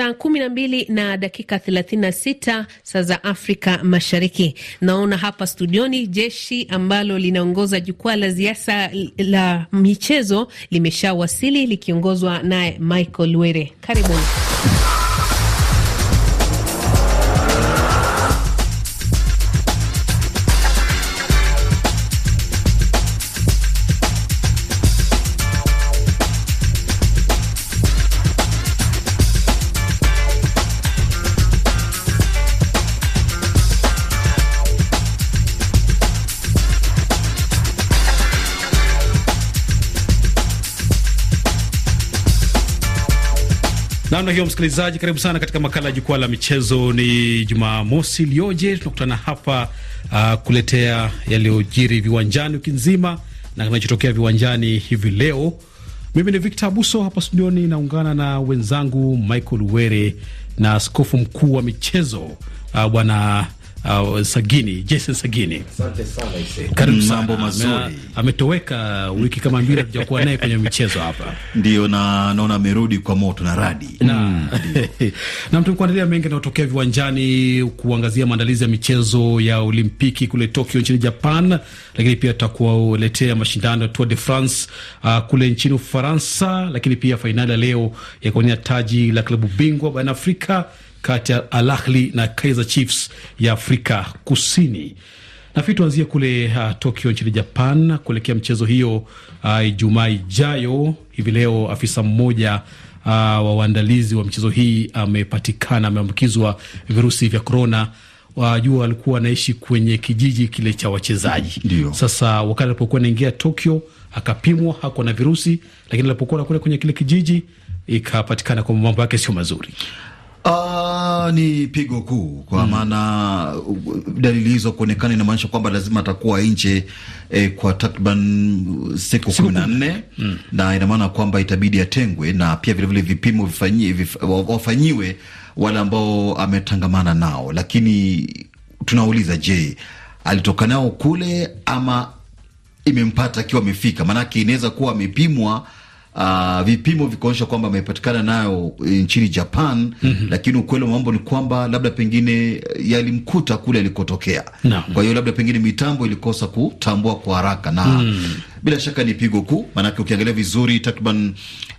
saa kumi na mbili na dakika thelathini na sita saa za Afrika Mashariki. Naona hapa studioni jeshi ambalo linaongoza jukwaa la siasa la michezo limeshawasili likiongozwa naye Michael Were. Karibuni. namna hiyo, msikilizaji, karibu sana katika makala ya jukwaa la michezo. Ni Jumamosi ilioje, tunakutana hapa uh, kuletea yaliyojiri viwanjani wiki nzima na kinachotokea viwanjani hivi leo. Mimi ni Victor Abuso hapa studioni, naungana na wenzangu Michael Were na askofu mkuu wa michezo uh, bwana uh, Sagini Jason Sagini, karibu mm, mambo mazuri. Ametoweka wiki kama mbili tujakuwa naye kwenye michezo hapa, ndio na naona amerudi kwa moto na radi na mm. na tumekuandalia mengi yanayotokea viwanjani kuangazia maandalizi ya michezo ya Olimpiki kule Tokyo nchini Japan, lakini pia tutakuwaletea mashindano ya Tour de France uh, kule nchini Ufaransa, lakini pia fainali ya leo ya kuwania taji la klabu bingwa barani Afrika kati ya Al Ahly na Kaizer Chiefs ya Afrika Kusini. Nafikiri tuanzie kule uh, Tokyo nchini Japan kuelekea mchezo hiyo uh, Ijumaa ijayo. Hivi leo afisa mmoja uh, wa waandalizi wa mchezo hii amepatikana uh, ameambukizwa virusi vya korona. Wajua, alikuwa anaishi kwenye kijiji kile cha wachezaji. Sasa wakati alipokuwa anaingia Tokyo akapimwa, hakuwa na virusi, lakini alipokuwa nakule kwenye kile kijiji ikapatikana kwamba mambo yake sio mazuri. Uh, ni pigo kuu kwa hmm. maana mm, dalili hizo kuonekana inamaanisha kwamba lazima atakuwa nje eh, kwa takriban siku kumi na nne mm, na ina maana kwamba itabidi atengwe na pia vilevile vipimo vifanyiwe, wafanyiwe wale ambao ametangamana nao, lakini tunauliza, je, alitoka nao kule ama imempata akiwa amefika? Maanake inaweza kuwa amepimwa Uh, vipimo vikaonyesha kwamba amepatikana nayo eh, nchini Japan mm -hmm. Lakini ukweli wa mambo ni kwamba labda pengine eh, yalimkuta kule alikotokea no. Kwa hiyo labda pengine mitambo ilikosa kutambua kwa haraka na mm. Bila shaka ni pigo kuu, maanake ukiangalia vizuri takriban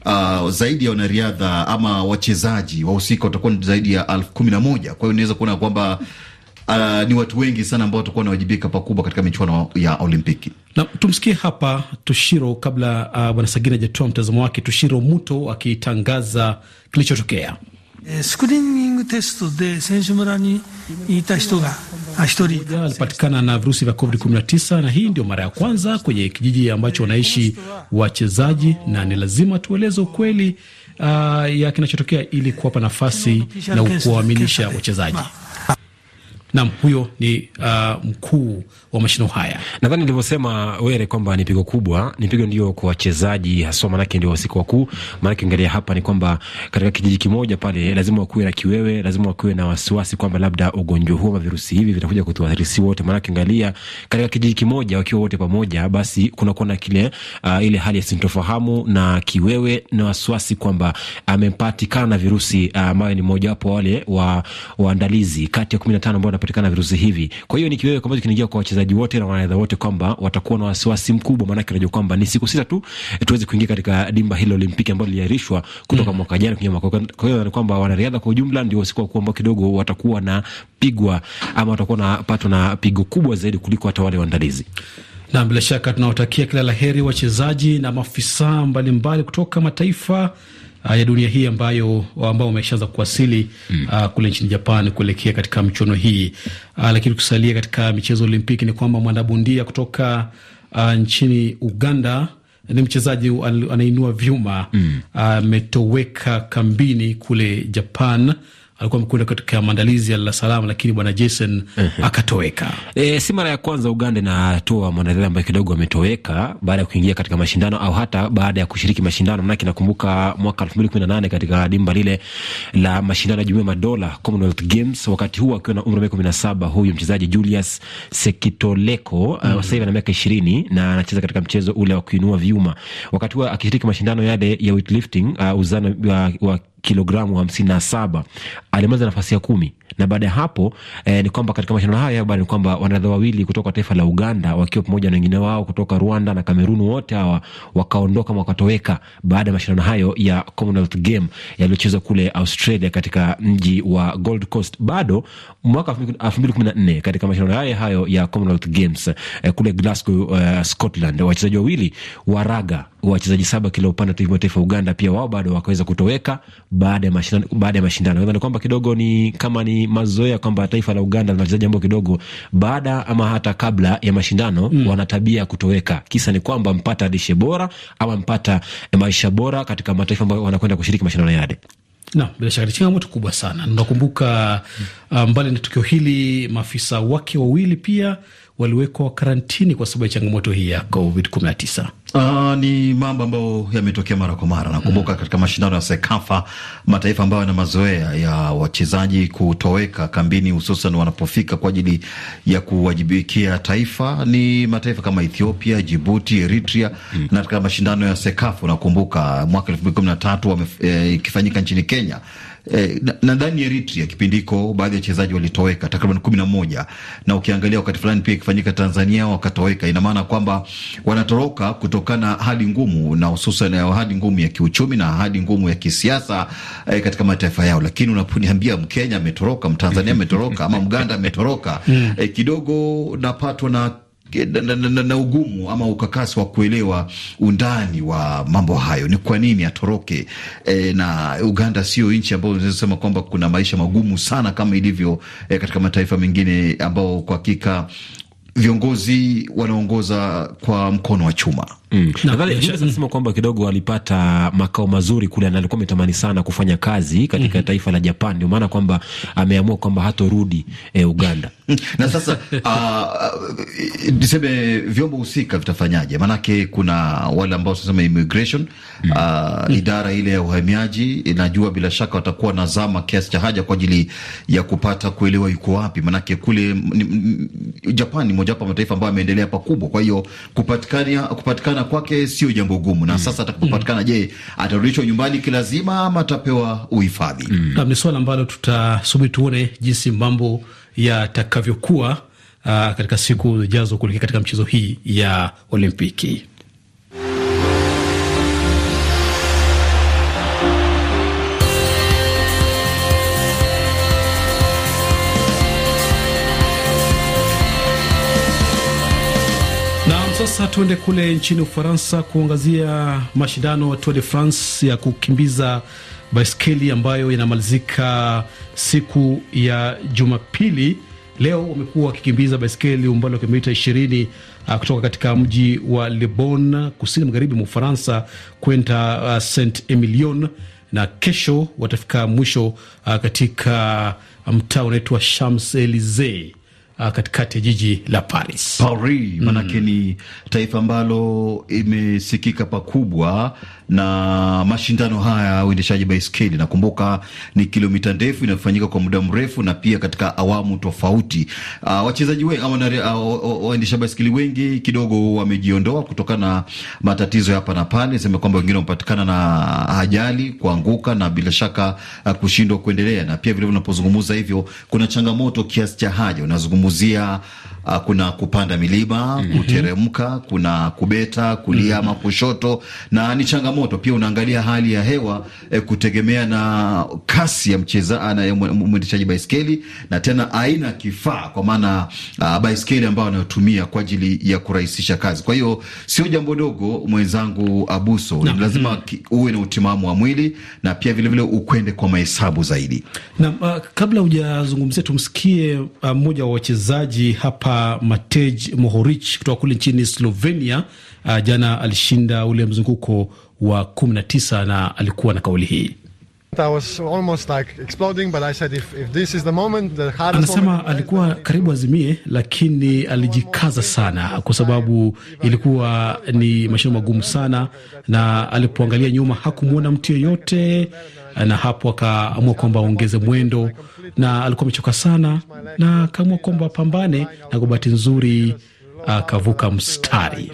uh, zaidi ya wanariadha ama wachezaji wahusika watakuwa zaidi ya elfu kumi na moja. Kwa hiyo unaweza kuona kwamba uh, ni watu wengi sana ambao watakuwa wanawajibika pakubwa katika michuano ya Olimpiki. Na tumsikie hapa Tushiro kabla uh, bwana Sagina hajatoa mtazamo wake. Tushiro Muto akitangaza kilichotokea. Eh, alipatikana na virusi vya COVID-19 na hii ndio mara ya kwanza kwenye kijiji ambacho wanaishi wachezaji, na ni lazima tueleze ukweli uh, ya kinachotokea ili kuwapa nafasi na kuwaaminisha wachezaji. Nam, huyo ni uh, mkuu wa mashino haya. Nadhani nilivyosema Were kwamba ni pigo kubwa, ni pigo ndio kwa wachezaji haswa, maanake ndio wasiku wakuu. Maanake angalia hapa ni kwamba katika kijiji kimoja pale lazima wakuwe na kiwewe, lazima wakuwe na wasiwasi kwamba labda ugonjwa huu ama virusi hivi vitakuja kutuathiri si wote. Maanake angalia katika kijiji kimoja wakiwa wote pamoja, basi kunakuwa na kile uh, ile hali ya sintofahamu na kiwewe na wasiwasi kwamba amepatikana na virusi uh, ambayo uh, ni mojawapo wale wa waandalizi kati ya kumi na tano ambao vinapatikana virusi hivi. Kwa hiyo ni kiwewe ambacho kinaingia kwa wachezaji wote na wanariadha wote kwamba watakuwa na wasiwasi mkubwa, maanake najua kwamba ni siku sita tu eh, tuweze kuingia katika dimba hilo Olimpiki ambalo liliahirishwa kutoka mm. mwaka jana kuingia mwaka. Kwa hiyo ni kwamba wanariadha kwa ujumla ndio siku wasikuwa ambao kidogo watakuwa na pigwa ama watakuwa na pato na pigo kubwa zaidi kuliko hata wale waandalizi na bila shaka tunawatakia kila laheri wachezaji na maafisa mbalimbali kutoka mataifa uh, ya dunia hii ambayo ambao wameshaanza kuwasili mm. uh, kule nchini Japan kuelekea katika michuano hii uh, lakini kusalia katika michezo Olimpiki ni kwamba mwanabondia kutoka uh, nchini Uganda ni mchezaji anainua vyuma mm. ametoweka mm. uh, kambini kule Japan alikuwa amekwenda katika maandalizi ya Dar es Salaam, lakini bwana Jason mhm. akatoweka. E, si mara ya kwanza Uganda inatoa mwanariadha ambaye kidogo ametoweka baada ya kuingia katika mashindano au hata baada ya kushiriki mashindano, manake nakumbuka mwaka elfu mbili kumi na nane katika dimba lile la mashindano ya jumuiya madola Commonwealth Games, wakati huo akiwa na umri wa miaka kumi na saba huyu mchezaji Julius Sekitoleko uh, mm -hmm. Uh, sasa hivi ana miaka ishirini na anacheza katika mchezo ule wa kuinua vyuma, wakati huo akishiriki mashindano yale ya weightlifting uh, uzano uh, wa kilogramu hamsini na saba Alimaliza nafasi ya kumi na baada ya hapo eh, ni kwamba katika mashindano haya bado ni kwamba wanariadha wawili kutoka taifa la Uganda wakiwa pamoja na wengine wao kutoka Rwanda na Kamerun, wote hawa wakaondoka wakatoweka baada ya mashindano hayo ya Commonwealth Game yaliyochezwa kule Australia katika mji wa Gold Coast. Bado mwaka elfu mbili kumi na nne katika mashindano hayo hayo ya Commonwealth Games eh, kule Glasgow, uh, Scotland, wachezaji wawili wa raga wachezaji saba kila upande wa taifa Uganda pia wao bado wakaweza kutoweka baada ya mashindano. Nadhani kwamba kidogo ni kama ni mazoea kwamba taifa la Uganda lina wachezaji ambao kidogo baada ama hata kabla ya mashindano mm. wana tabia ya kutoweka. Kisa ni kwamba mpata lishe bora ama mpata eh, maisha bora katika mataifa ambayo wanakwenda kushiriki mashindano yale. na bila shaka ni changamoto kubwa sana. Nakumbuka mm. uh, mbali na tukio hili, maafisa wake wawili pia waliwekwa karantini kwa sababu ya changamoto hii ya COVID-19? Uh, ni mambo ambayo yametokea mara kwa mara. Nakumbuka mm. katika mashindano ya SEKAFA mataifa ambayo yana mazoea ya wachezaji kutoweka kambini, hususan wanapofika kwa ajili ya kuwajibikia taifa, ni mataifa kama Ethiopia, Jibuti, Eritrea mm. na katika mashindano ya SEKAFA nakumbuka mwaka elfu mbili kumi na tatu eh, ikifanyika nchini Kenya eh, nadhani na Eritrea kipindi hiko baadhi ya wachezaji walitoweka takriban kumi na moja, na ukiangalia wakati fulani pia ikifanyika Tanzania wakatoweka. Ina maana kwamba wanatoroka kutokana na hali ngumu, na hususan hali ngumu ya kiuchumi na hali ngumu ya kisiasa eh, katika mataifa yao. Lakini unaponiambia Mkenya ametoroka, Mtanzania ametoroka ama Mganda ametoroka hmm. eh, kidogo napatwa na na, na, na, na ugumu ama ukakasi wa kuelewa undani wa mambo hayo, ni kwa nini atoroke. E, na Uganda sio nchi ambayo unaweza kwamba kuna maisha magumu sana kama ilivyo e, katika mataifa mengine ambao kwa hakika viongozi wanaongoza kwa mkono wa chuma. Mm. Nashasema kwamba kidogo alipata makao mazuri kule na alikuwa ametamani sana kufanya kazi katika mm taifa la Japan, ndio maana kwamba ameamua kwamba hatorudi eh, Uganda na sasa ah, ah, niseme uh, vyombo husika vitafanyaje? Maanake kuna wale ambao tunasema immigration mm. uh, idara ile ya uhamiaji inajua bila shaka watakuwa na zama kiasi cha haja kwa ajili ya kupata kuelewa yuko wapi, maanake kule Japan ni mojawapo mataifa ambayo ameendelea pakubwa, kwa hiyo kupatikana kupatikana kupatikana kwake sio jambo gumu na mm. Sasa atakapopatikana mm. Je, atarudishwa nyumbani kilazima ama atapewa uhifadhi? mm. Ni swala ambalo tutasubiri tuone jinsi mambo yatakavyokuwa ah, katika siku zijazo kuelekea katika mchezo hii ya Olimpiki. Sasa tuende kule nchini Ufaransa kuangazia mashindano ya Tour de France ya kukimbiza baiskeli ambayo yanamalizika siku ya Jumapili. Leo wamekuwa wakikimbiza baiskeli umbali wa kilomita 20 uh, ah, kutoka katika mji wa Le Bon kusini magharibi mwa Ufaransa kwenda uh, ah, Saint Emilion, na kesho watafika mwisho uh, katika mtaa unaitwa Champs Elysees uh, katikati ya jiji la Paris. Paris maanake mm. ni taifa ambalo imesikika pakubwa na mashindano haya ya uendeshaji baiskeli. Nakumbuka ni kilomita ndefu inayofanyika kwa muda mrefu na pia katika awamu tofauti. Uh, wachezaji wengi uh, waendesha baiskeli wengi kidogo wamejiondoa kutokana na matatizo hapa na pale, sema kwamba wengine wamepatikana na ajali, kuanguka na bila shaka uh, kushindwa kuendelea, na pia vilevile unapozungumza hivyo kuna changamoto kiasi cha haja unazungumza kuzungumzia uh, kuna kupanda milima mm -hmm. kuteremka, kuna kubeta kulia mm -hmm. kushoto, na ni changamoto pia. Unaangalia hali ya hewa eh, kutegemea na kasi ya mcheza ah, na mwendeshaji baiskeli na tena aina kifaa, kwa maana uh, baiskeli ambayo anayotumia kwa ajili ya kurahisisha kazi. Kwa hiyo sio jambo dogo, mwenzangu Abuso, na lazima mhm. uwe na utimamu wa mwili na pia vilevile vile ukwende kwa mahesabu zaidi. Na uh, kabla hujazungumzia, tumsikie mmoja uh, wa wachezaji hapa hapa Matej mohorich kutoka kule nchini Slovenia. Uh, jana alishinda ule mzunguko wa 19 na alikuwa na kauli hii. Anasema alikuwa karibu azimie, lakini alijikaza sana, kwa sababu ilikuwa ni mashindano magumu sana, na alipoangalia nyuma hakumwona mtu yeyote na hapo akaamua kwamba aongeze mwendo, na alikuwa amechoka sana, na akaamua kwamba apambane, na kwa bahati nzuri akavuka mstari.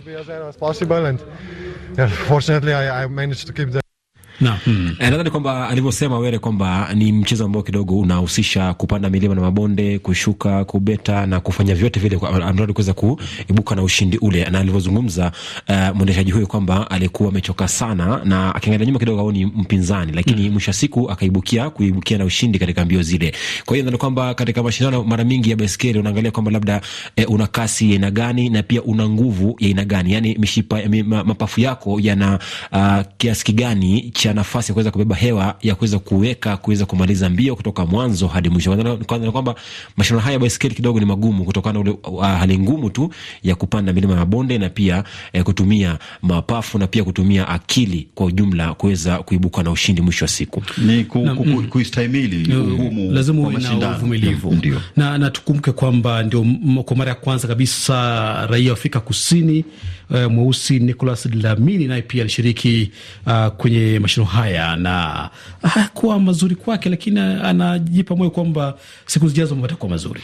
Hmm. E, nadhani kwamba alivyosema Were kwamba ni mchezo ambao kidogo unahusisha kupanda milima na mabonde, kushuka, kubeta na kufanya vyote vile amradi kuweza kuibuka na ushindi ule, na alivyozungumza uh, mwendeshaji huyo kwamba alikuwa amechoka sana, na akiangalia nyuma kidogo aoni mpinzani, lakini hmm. mwisho wa siku akaibukia kuibukia na ushindi katika mbio zile. Kwa hiyo nadhani kwamba katika mashindano mara mingi ya baiskeli unaangalia kwamba labda eh, una kasi ya aina gani na pia una nguvu ya aina gani, yani mishipa, mapafu yako yana uh, kiasi gani cha cha nafasi ya kuweza kubeba hewa ya kuweza kuweka kuweza kumaliza mbio kutoka mwanzo hadi mwisho. Kwanza ni kwamba mashindano haya ya baiskeli kidogo ni magumu kutokana na uh, hali ngumu tu ya kupanda milima na bonde na pia eh, kutumia mapafu na pia kutumia akili kwa ujumla kuweza kuibuka na ushindi mwisho wa siku. Ni kuistahimili mm. ugumu, lazima uwe na uvumilivu na, na tukumbuke kwamba ndio kwa mara ya kwanza kabisa raia wa Afrika Kusini uh, mweusi Nicolas Dlamini naye pia alishiriki uh, kwenye mashindano mashindano haya na hayakuwa mazuri kwake, lakini anajipa moyo kwamba siku zijazo kuwa mazuri.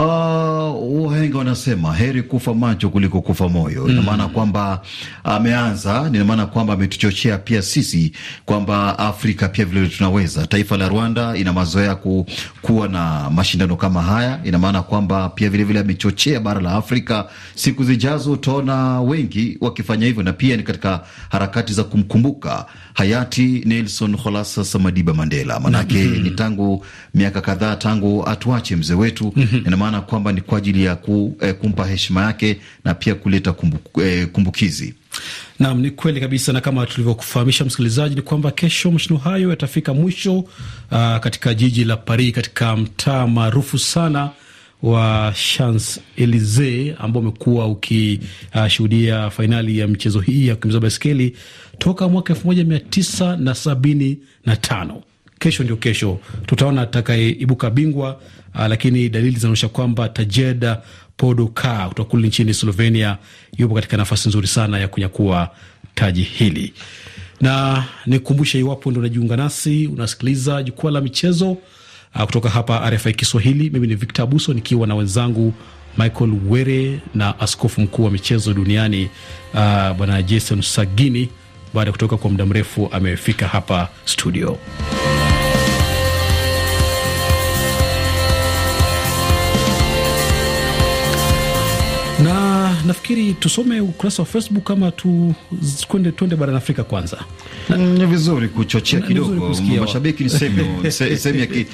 Uh, ah, wahenga wanasema heri kufa macho kuliko kufa moyo. Mm. Ina maana mm. kwamba ameanza, ina maana kwamba ametuchochea pia sisi kwamba Afrika pia vilevile tunaweza. Taifa la Rwanda ina mazoea ku, kuwa na mashindano kama haya, ina maana kwamba pia vile vile amechochea bara la Afrika. Siku zijazo utaona wengi wakifanya hivyo, na pia ni katika harakati za kumkumbuka hayati Nelson Holasa Samadiba Mandela, manake mm -hmm. ni tangu miaka kadhaa tangu atuache mzee wetu mm -hmm maana kwamba ni kwa ajili ya ku, eh, kumpa heshima yake na pia kuleta kumbu, eh, kumbukizi. Naam, ni kweli kabisa, na kama tulivyokufahamisha msikilizaji, ni kwamba kesho mashindano hayo yatafika mwisho uh, katika jiji la Paris katika mtaa maarufu sana wa Champs Elysee ambao umekuwa ukishuhudia uh, fainali ya michezo hii ya kukimbiza baiskeli toka mwaka elfu moja mia tisa na sabini na tano. Kesho ndio kesho, tutaona atakayeibuka bingwa uh, lakini dalili zinaonyesha kwamba Tajeda Podoka kutoka kule nchini Slovenia yupo katika nafasi nzuri sana ya kunyakua taji hili. Na nikukumbushe, iwapo ndo unajiunga nasi, unasikiliza jukwaa la michezo uh, kutoka hapa RFI Kiswahili. Mimi ni Victor Abuso nikiwa na wenzangu Michael Were na askofu mkuu wa michezo duniani uh, bwana Jason Sagini, baada ya kutoka kwa muda mrefu amefika hapa studio. nafikiri tusome ukurasa wa Facebook kama tukwende kwende barani Afrika kwanza. Mm, ni vizuri kuchochea kidogo mashabiki, ni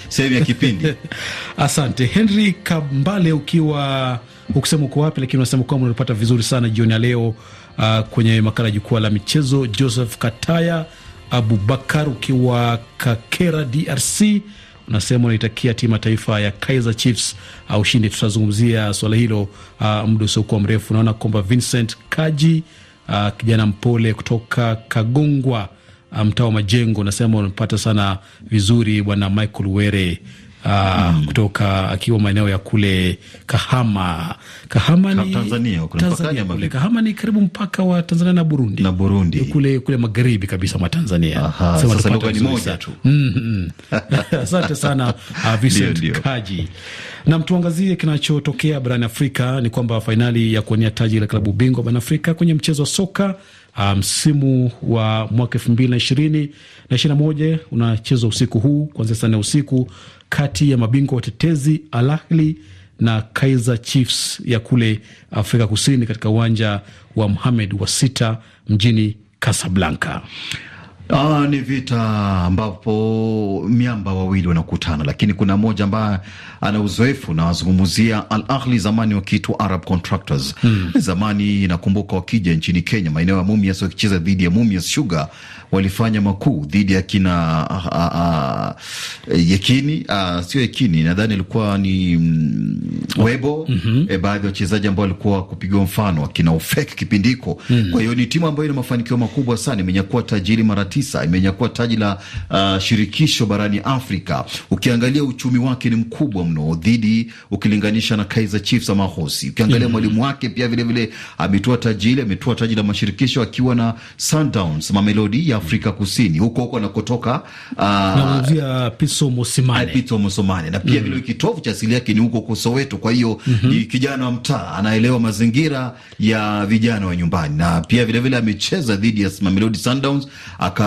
sehemu ya kipindi. Asante Henry Kambale, ukiwa ukisema uko wapi, lakini unasema kwamba unapata vizuri sana jioni ya leo. Uh, kwenye makala ya jukwaa la michezo, Joseph Kataya Abubakar ukiwa Kakera, DRC unasema unaitakia timu ya taifa ya Kaizer Chiefs uh, ushindi. Tutazungumzia swala hilo uh, muda usiokuwa mrefu. Naona kwamba Vincent Kaji uh, kijana mpole kutoka Kagongwa uh, mtaa wa Majengo, nasema unapata sana vizuri bwana Michael Were uh, mm. kutoka akiwa maeneo ya kule Kahama. Kahama ni Tanzania, Tanzania kule. Kahama ni karibu mpaka wa Tanzania na Burundi, na Burundi kule, kule magharibi kabisa mwa Tanzania. Mm-hmm. Asante sana uh, Vincent Kaji. Nam, tuangazie kinachotokea barani Afrika. Ni kwamba fainali ya kuwania taji la klabu bingwa barani Afrika kwenye mchezo wa soka Ah, msimu um, wa mwaka elfu mbili na ishirini na ishirini na moja unachezwa usiku huu kuanzia saa nne usiku kati ya mabingwa watetezi Al Ahly na Kaizer Chiefs ya kule Afrika Kusini katika uwanja wa Mohamed wa sita mjini Casablanca. Aa, ah, ni vita ambapo miamba wawili wanakutana, lakini kuna mmoja ambaye ana uzoefu na wazungumzia Al Ahli zamani wakiitwa Arab Contractors mm. Zamani nakumbuka wakija nchini Kenya maeneo ya Mumias wakicheza dhidi ya Mumias Sugar walifanya makuu dhidi ya kina a, ah, a, ah, a, Yekini a, sio Yekini nadhani alikuwa ni mm, Webo mm -hmm. E, baadhi ya wachezaji ambao walikuwa kupigiwa mfano akina Ufek kipindiko mm. Kwa hiyo ni timu ambayo ina mafanikio makubwa sana, imenyakua tajiri mara tisa imenyakua taji la uh, shirikisho barani Afrika. Ukiangalia uchumi wake ni mkubwa mno dhidi ukilinganisha na Kaizer Chiefs ama Hosi. Ukiangalia mm-hmm. mwalimu mm -hmm. wake pia vilevile ametoa taji ile, ametoa taji la mashirikisho akiwa na Sundowns Mamelodi ya Afrika Kusini, huko huko anakotoka uh, Pitso Mosimane. na pia mm -hmm. vile kitovu cha asili yake ni huko huko Soweto. Kwa hiyo mm -hmm. ni kijana wa mtaa, anaelewa mazingira ya vijana wa nyumbani, na pia vilevile amecheza dhidi ya Mamelodi Sundowns aka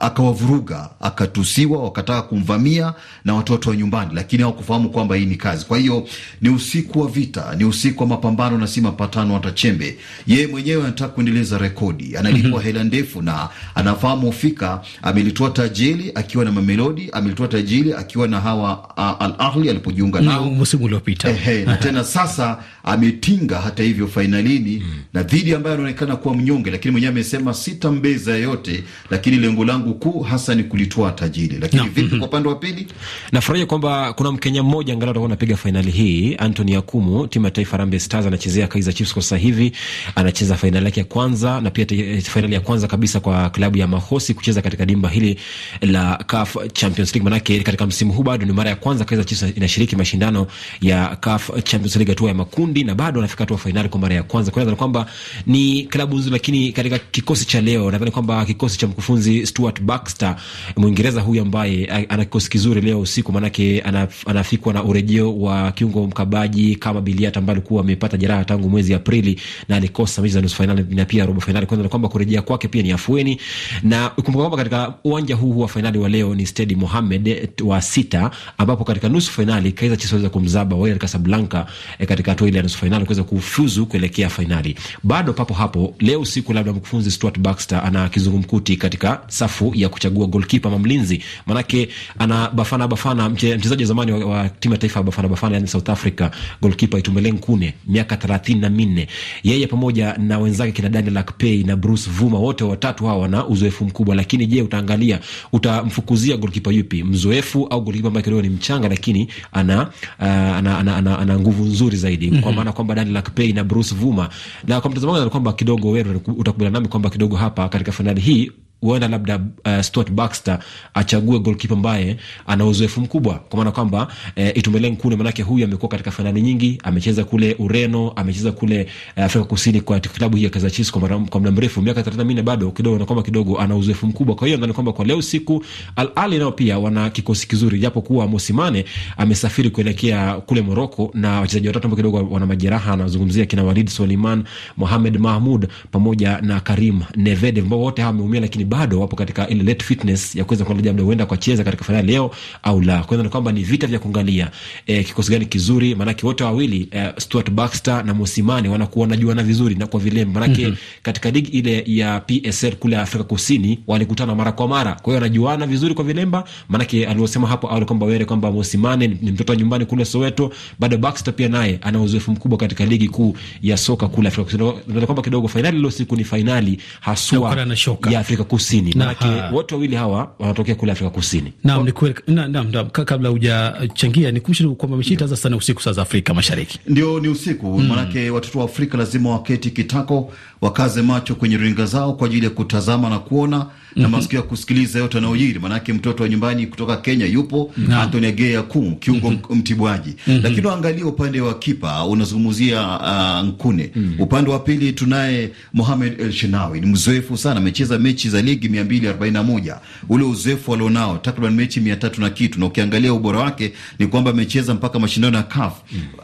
akawavuruga aka, aka akatusiwa, wakataka kumvamia na watoto wa nyumbani, lakini hawakufahamu kwamba hii ni kazi. Kwa hiyo ni usiku wa vita, ni usiku wa mapambano na si mapatano hata chembe. Yeye mwenyewe anataka kuendeleza rekodi, analipwa mm -hmm. hela ndefu na anafahamu fika amelitoa tajiri akiwa na Mamelodi, amelitoa tajiri akiwa na hawa Al Ahli alipojiunga nao msimu uliopita ehe, na tena sasa ametinga hata hivyo fainalini mm -hmm. na dhidi ambayo anaonekana kuwa mnyonge, lakini mwenyewe amesema sitambeza yote yote, lakini lengo langu kuu hasa ni kulitoa tajiri. Lakini no. vipi kwa mhm. upande wa pili, nafurahia kwamba kuna Mkenya mmoja angalau atakuwa anapiga fainali hii, Anthony Akumu, timu ya taifa Harambee Stars, anachezea Kaizer Chiefs kwa sasa hivi, anacheza fainali yake ya kwanza na pia eh, fainali ya kwanza kabisa kwa klabu ya Mahosi kucheza katika dimba hili la CAF Champions League, manake katika msimu huu bado ni mara ya kwanza Kaizer Chiefs inashiriki mashindano ya CAF Champions League hatua ya makundi na bado anafika hatua fainali kwa mara ya kwanza. Kwa hiyo kwamba ni klabu nzuri, lakini katika kikosi cha leo nadhani kwamba kikosi cha mkufunzi Stuart Baxter, Mwingereza huyu ambaye ana kikosi kizuri leo usiku, maanake anafikwa na urejeo wa kiungo mkabaji kama Biliat ambaye alikuwa amepata jeraha tangu mwezi Aprili na alikosa mechi za nusu fainali na pia robo fainali, kwanza na kwamba kurejea kwake pia ni afueni, na kumbuka kwamba katika uwanja huu wa fainali wa leo ni Stedi Mohamed wa sita, ambapo katika nusu fainali Kaiza Chiefs waweza kumzaba Wydad Casablanca eh, katika hatua ile ya nusu fainali kuweza kufuzu kuelekea fainali. Bado papo hapo leo usiku, labda mkufunzi Stuart Baxter anakizungumza Mkuti katika safu ya kuchagua golkipa ama mlinzi, manake ana Bafana Bafana, mchezaji wa zamani wa timu ya taifa ya Bafana Bafana, yani South Africa, golkipa Itumeleng Nkune, miaka thelathini na minne. Yeye pamoja na wenzake kina Daniel Akpey na Bruce Vuma, wote watatu hawa wana uzoefu mkubwa, lakini je, utaangalia utamfukuzia golkipa yupi, mzoefu au golkipa ambaye kidogo ni mchanga, lakini ana, uh, ana, ana, ana, ana nguvu nzuri zaidi mm -hmm. kwa mhm. maana kwamba Daniel Akpey na Bruce Vuma, na kwa mtazamo wangu kwamba kidogo wewe utakubaliana nami kwamba kidogo hapa katika fainali hii que huenda labda uh, Stuart Baxter achague golkipa ambaye ana uzoefu mkubwa, kwa maana kwamba uh, eh, Itumeleng Nkune, manake huyu amekuwa katika fainali nyingi, amecheza kule Ureno, amecheza kule uh, Afrika Kusini kwa klabu hii ya Kazachis kwa muda mrefu, miaka thelathini na minne, bado kidogo na kwamba kidogo ana uzoefu mkubwa. Kwa hiyo nadhani kwamba kwa leo siku Al Ahly nao pia wana kikosi kizuri, japo kuwa Mosimane amesafiri kuelekea kule Moroko na wachezaji watatu ambao kidogo wana majeraha, anazungumzia kina Walid Suleiman, Mohamed Mahmud pamoja na Karim Nevede ambao wote hawa wameumia lakini bado wapo katika ile late fitness ya kuweza kuangalia labda huenda kucheza katika fainali leo au la. Kwanza ni kwamba ni vita vya kuangalia e, kikosi gani kizuri, maanake wote wawili e, Stuart Baxter na Mosimane wanakuwa wanajuana vizuri na kwa vile maanake mm -hmm. katika ligi ile ya PSL kule Afrika Kusini walikutana mara kwa mara, kwa hiyo wanajuana vizuri kwa vilemba, maanake aliosema hapo awali kwamba wewe kwamba Mosimane ni mtoto wa nyumbani kule Soweto, bado Baxter pia naye ana uzoefu mkubwa katika ligi kuu ya soka kule Afrika Kusini, kwamba kidogo fainali leo siku ni fainali haswa ya Afrika Kusini Kusini, manake wote wawili hawa wanatokea kule Afrika Kusini. Naam, ni kweli. Naam, naam, kabla hujachangia nikumbushe kwamba mechi itaanza sana usiku saa za Afrika Mashariki. Ndio, ni usiku mm. Manake watoto wa Afrika lazima waketi kitako, wakaze macho kwenye runinga zao kwa ajili ya kutazama na kuona na mhm. masikio ya kusikiliza yote yanayojiri. Maanake mtoto wa nyumbani kutoka Kenya yupo Antony Gea Kung, kiungo mhm. mtibwaji, mhm. lakini angalia upande wa kipa unazungumzia uh, Nkune. Upande wa pili tunaye Mohamed El Shenawi, ni mzoefu sana, amecheza mechi za ligi 241 ule uzoefu alionao takriban mechi 300 na kitu, na ukiangalia ubora wake ni kwamba amecheza mpaka mashindano ya CAF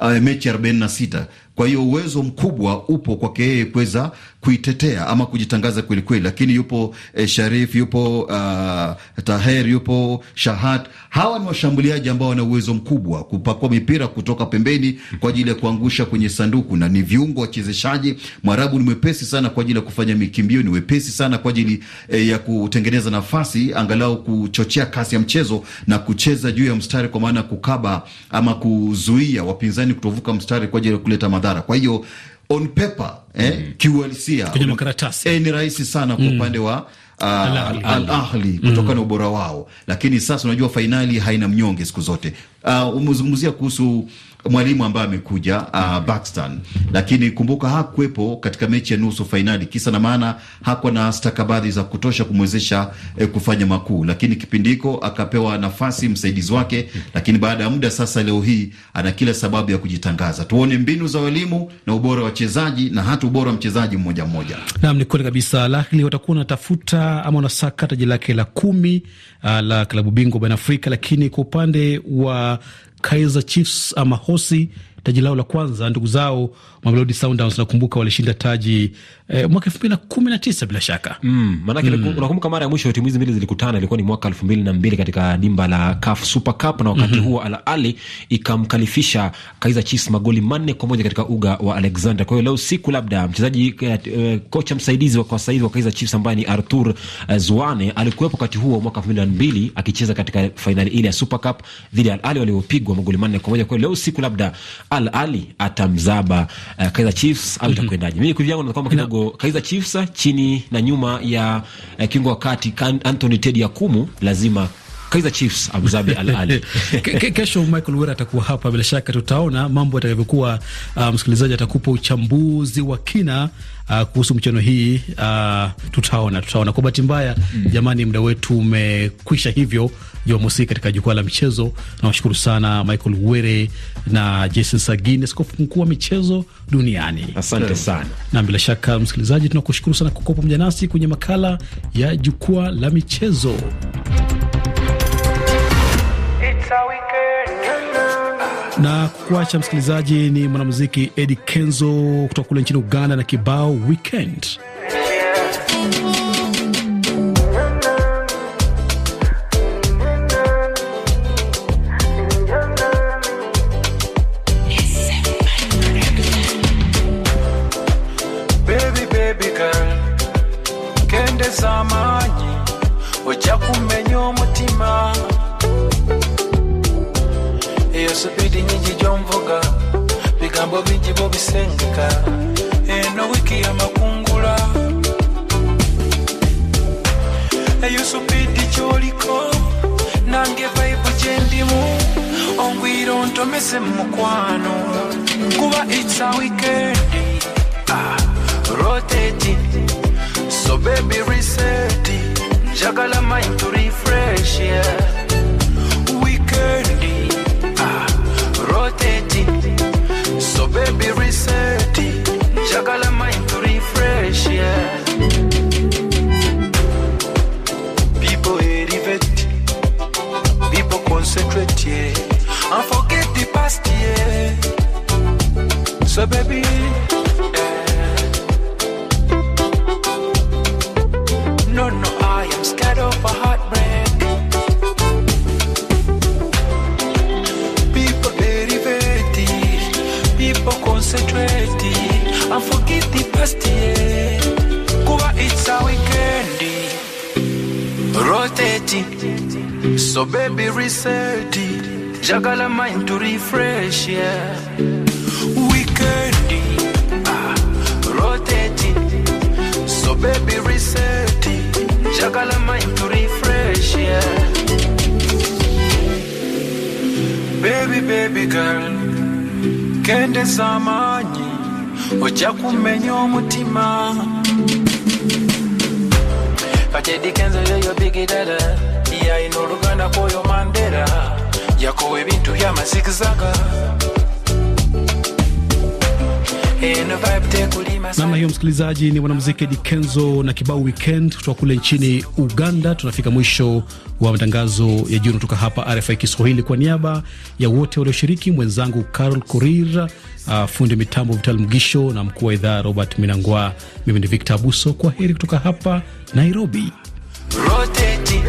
uh, mechi 46 kwa hiyo uwezo mkubwa upo kwake yeye kuweza kuitetea ama kujitangaza kwelikweli, lakini yupo e, Sharif yupo uh, Taher yupo Shahat. Hawa ni washambuliaji ambao wana uwezo mkubwa kupakua mipira kutoka pembeni kwa ajili ya kuangusha kwenye sanduku, na ni viungo wachezeshaji. Mwarabu ni mwepesi sana kwa ajili ya kufanya mikimbio, ni wepesi sana kwa ajili e, ya kutengeneza nafasi, angalau kuchochea kasi ya mchezo na kucheza juu ya mstari, kwa maana kukaba ama kuzuia wapinzani kutovuka mstari kwa ajili ya kuleta madhara. Kwa hiyo on paper eh, mm. kiuhalisia kwenye makaratasi eh, ni rahisi sana kwa mm. upande ah, mm. wa Uh, Al Ahli kutokana na mm. ubora wao, lakini sasa unajua fainali haina mnyonge siku zote. Uh, umezungumzia kuhusu mwalimu ambaye amekuja uh, Bakstan, lakini kumbuka hakuwepo katika mechi ya nusu fainali, kisa na maana hakuwa na stakabadhi za kutosha kumwezesha eh, kufanya makuu, lakini kipindi hiko akapewa nafasi msaidizi wake, lakini baada ya muda sasa, leo hii ana kila sababu ya kujitangaza. Tuone mbinu za walimu na ubora wa wachezaji na hata ubora wa mchezaji mmoja mmoja. Naam, ni kweli kabisa. Lakini watakuwa wanatafuta ama wanasaka taji lake la kumi uh, la klabu bingwa barani Afrika, lakini kwa upande wa Kaizer Chiefs ama Hosi taji lao la kwanza. Ndugu zao Mamelodi Sundowns, nakumbuka walishinda taji eh, mwaka elfu mbili na kumi na tisa bila shaka mm, maanake mm. Unakumbuka mara ya mwisho timu hizi mbili zilikutana ilikuwa ni mwaka elfu mbili na mbili katika dimba la CAF Super Cup na wakati mm -hmm. huo Al Ahly ikamkalifisha Kaizer Chiefs magoli manne kwa moja katika uga wa Alexander. Kwa hiyo leo siku labda mchezaji uh, kocha msaidizi wa kwa saizi wa Kaizer Chiefs ambaye ni Artur uh, eh, Zuane alikuwepo wakati huo mwaka elfu mbili na mbili akicheza katika fainali ile ya Super Cup dhidi ya Al Ahly waliopigwa magoli manne kwa moja. Kwa hiyo leo siku labda Al Ahly atamzaba uh, Kaizer Chiefs au mm -hmm. Mimi kivyangu naona kidogo kiungo Kaizer Chiefs chini na nyuma ya uh, eh, kiungo wa kati Anthony Akumu lazima Kaizer Chiefs Abu Dhabi Al Ahly. Ke, kesho Michael Wera atakuwa hapa, bila shaka tutaona mambo yatakavyokuwa. Uh, msikilizaji atakupa uchambuzi wa kina uh, kuhusu mchano hii uh, tutaona tutaona. Kwa bahati mbaya mm, jamani, muda wetu umekwisha, hivyo Jumamosi katika jukwaa la michezo. Nawashukuru sana Michael Were na Jason Sagine, skofu mkuu wa michezo duniani. Asante sana, na bila shaka msikilizaji, tunakushukuru sana kwa pamoja nasi kwenye makala ya jukwaa la michezo na kuacha msikilizaji ni mwanamuziki Eddie Kenzo kutoka kule nchini Uganda na kibao weekend. ebigambo bingi bobisengeka eno wiki yamakungula eyusupidi kyoliko nange baibu gyendimu ongwira ontomeze mukwano kuba itsa wikend ah, roteti sobebi reseti njagala mind to refresh yeah. So baby, no, no, I am scared of a heartbreak. People derivative, people concentrating, and forget the past year. Kuba it's a weekend, rotating. So baby, reset it. Jagala mind to refresh, yeah. We kendesa amaanyi ojja kumenya omutima katedika enzo yoyo bigidala yaina oluganda kwoyo mandera yakowa ebintu byamasikizaga namna hiyo, msikilizaji, ni mwanamuziki Eddy Kenzo na kibao weekend kutoka kule nchini Uganda. Tunafika mwisho wa matangazo ya jioni kutoka hapa RFI Kiswahili. Kwa niaba ya wote walioshiriki, mwenzangu Carol Korir, uh, fundi mitambo Vital mgisho na mkuu wa idhaa Robert Minangwa, mimi ni Victor Abuso. Kwa heri kutoka hapa Nairobi. Rotate,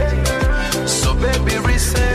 so baby